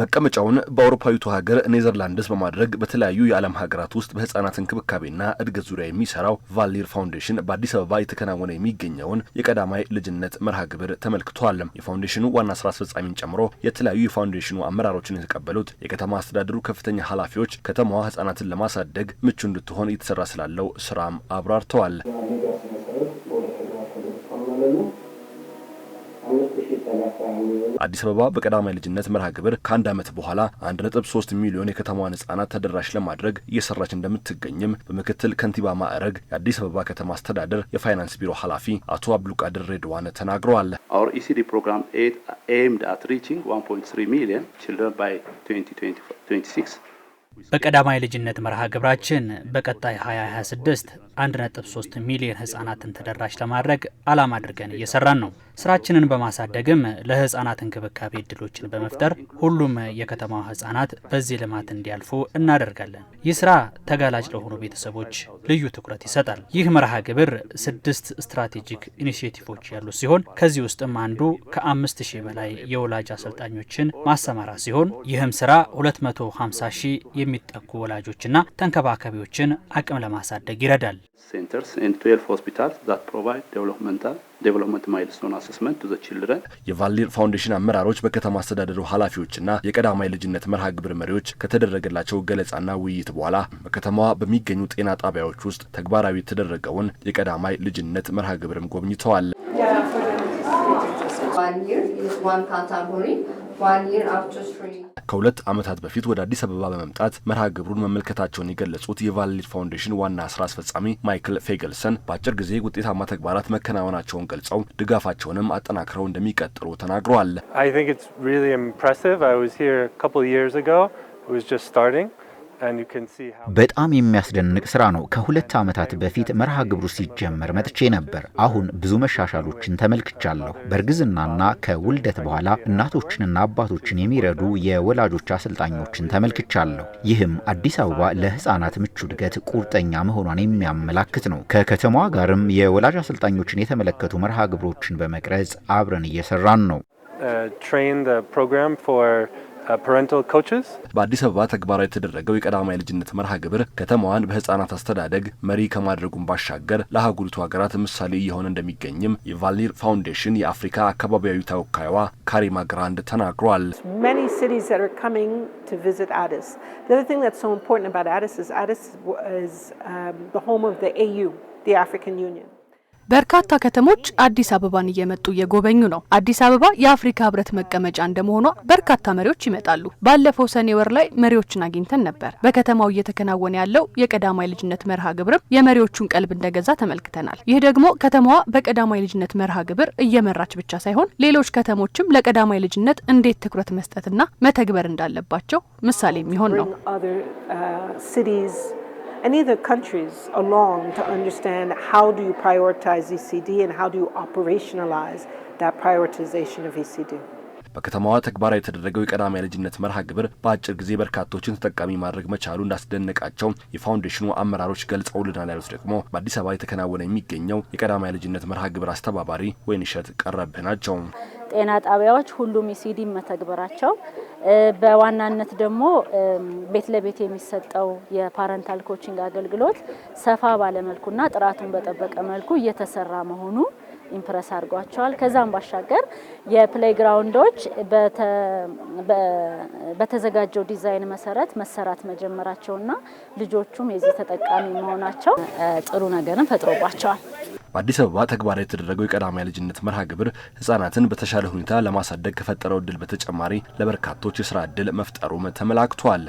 መቀመጫውን በአውሮፓዊቱ ሀገር ኔዘርላንድስ በማድረግ በተለያዩ የዓለም ሀገራት ውስጥ በህጻናት እንክብካቤና እድገት ዙሪያ የሚሰራው ቫሊር ፋውንዴሽን በአዲስ አበባ የተከናወነ የሚገኘውን የቀዳማይ ልጅነት መርሃ ግብር ተመልክቷል። የፋውንዴሽኑ ዋና ስራ አስፈጻሚን ጨምሮ የተለያዩ የፋውንዴሽኑ አመራሮችን የተቀበሉት የከተማ አስተዳደሩ ከፍተኛ ኃላፊዎች ከተማዋ ህጻናትን ለማሳደግ ምቹ እንድትሆን እየተሰራ ስላለው ስራም አብራርተዋል። አዲስ አበባ በቀዳማይ ልጅነት መርሃ ግብር ከአንድ ዓመት በኋላ 1.3 ሚሊዮን የከተማዋን ህጻናት ተደራሽ ለማድረግ እየሰራች እንደምትገኝም በምክትል ከንቲባ ማዕረግ የአዲስ አበባ ከተማ አስተዳደር የፋይናንስ ቢሮ ኃላፊ አቶ አብዱልቃድር ሬድዋነ ተናግረዋል። Our ECD program 1.3 2026 በቀዳማይ ልጅነት መርሃ ግብራችን በቀጣይ 2026 1.3 ሚሊዮን ህጻናትን ተደራሽ ለማድረግ ዓላማ አድርገን እየሰራን ነው። ስራችንን በማሳደግም ለህፃናት እንክብካቤ እድሎችን በመፍጠር ሁሉም የከተማ ህፃናት በዚህ ልማት እንዲያልፉ እናደርጋለን። ይህ ስራ ተጋላጭ ለሆኑ ቤተሰቦች ልዩ ትኩረት ይሰጣል። ይህ መርሃ ግብር ስድስት ስትራቴጂክ ኢኒሽቲቮች ያሉት ሲሆን ከዚህ ውስጥም አንዱ ከአምስት ሺህ በላይ የወላጅ አሰልጣኞችን ማሰማራት ሲሆን ይህም ስራ 250 ሺህ የሚጠጉ ወላጆችና ተንከባካቢዎችን አቅም ለማሳደግ ይረዳል። ዴቨሎፕመንት ማይልስቶን አሰስመንት ዘ ችልድረን የቫሌር ፋውንዴሽን አመራሮች በከተማ አስተዳደሩ ኃላፊዎችና የቀዳማይ ልጅነት መርሃ ግብር መሪዎች ከተደረገላቸው ገለጻና ውይይት በኋላ በከተማዋ በሚገኙ ጤና ጣቢያዎች ውስጥ ተግባራዊ የተደረገውን የቀዳማይ ልጅነት መርሃ ግብርም ጎብኝተዋል። ከሁለት ዓመታት በፊት ወደ አዲስ አበባ በመምጣት መርሃ ግብሩን መመልከታቸውን የገለጹት የቫልሊድ ፋውንዴሽን ዋና ስራ አስፈጻሚ ማይክል ፌገልሰን በአጭር ጊዜ ውጤታማ ተግባራት መከናወናቸውን ገልጸው ድጋፋቸውንም አጠናክረው እንደሚቀጥሉ ተናግረዋል። በጣም የሚያስደንቅ ስራ ነው። ከሁለት ዓመታት በፊት መርሃ ግብሩ ሲጀመር መጥቼ ነበር። አሁን ብዙ መሻሻሎችን ተመልክቻለሁ። በእርግዝናና ከውልደት በኋላ እናቶችንና አባቶችን የሚረዱ የወላጆች አሰልጣኞችን ተመልክቻለሁ። ይህም አዲስ አበባ ለሕፃናት ምቹ እድገት ቁርጠኛ መሆኗን የሚያመላክት ነው። ከከተማዋ ጋርም የወላጅ አሰልጣኞችን የተመለከቱ መርሃ ግብሮችን በመቅረጽ አብረን እየሰራን ነው። uh, Uh, በአዲስ አበባ ተግባራዊ የተደረገው የቀዳማይ ልጅነት መርሃ ግብር ከተማዋን በህጻናት አስተዳደግ መሪ ከማድረጉን ባሻገር ለአህጉሪቱ ሀገራት ምሳሌ እየሆነ እንደሚገኝም የቫሊር ፋውንዴሽን የአፍሪካ አካባቢያዊ ተወካይዋ ካሪማ ግራንድ ተናግሯል። The thing that's so important about um, በርካታ ከተሞች አዲስ አበባን እየመጡ እየጎበኙ ነው። አዲስ አበባ የአፍሪካ ህብረት መቀመጫ እንደመሆኗ በርካታ መሪዎች ይመጣሉ። ባለፈው ሰኔ ወር ላይ መሪዎችን አግኝተን ነበር። በከተማው እየተከናወነ ያለው የቀዳማይ ልጅነት መርሃ ግብርም የመሪዎቹን ቀልብ እንደገዛ ተመልክተናል። ይህ ደግሞ ከተማዋ በቀዳማይ ልጅነት መርሃ ግብር እየመራች ብቻ ሳይሆን ሌሎች ከተሞችም ለቀዳማይ ልጅነት እንዴት ትኩረት መስጠትና መተግበር እንዳለባቸው ምሳሌ የሚሆን ነው። any of the countries along to understand how do you prioritize ECD and how do you operationalize that prioritization of ECD. በከተማዋ ተግባራዊ የተደረገው የቀዳማይ ልጅነት መርሃ ግብር በአጭር ጊዜ በርካቶችን ተጠቃሚ ማድረግ መቻሉ እንዳስደነቃቸው የፋውንዴሽኑ አመራሮች ገልጸውልናል ያሉት ደግሞ በአዲስ አበባ የተከናወነ የሚገኘው የቀዳማይ ልጅነት መርሃ ግብር አስተባባሪ ወይንሸት ቀረብህ ናቸው። ጤና ጣቢያዎች ሁሉም ኢሲዲ መተግበራቸው በዋናነት ደግሞ ቤት ለቤት የሚሰጠው የፓረንታል ኮችንግ አገልግሎት ሰፋ ባለመልኩና ጥራቱን በጠበቀ መልኩ እየተሰራ መሆኑ ኢምፕረስ አድርጓቸዋል። ከዛም ባሻገር የፕሌይ በተዘጋጀው ዲዛይን መሰረት መሰራት መጀመራቸውና ልጆቹም የዚህ ተጠቃሚ መሆናቸው ጥሩ ነገርን ፈጥሮባቸዋል። በአዲስ አበባ ተግባራዊ የተደረገው የቀዳማይ ልጅነት መርሃ ግብር ህጻናትን በተሻለ ሁኔታ ለማሳደግ ከፈጠረው እድል በተጨማሪ ለበርካቶች የስራ እድል መፍጠሩም ተመላክቷል።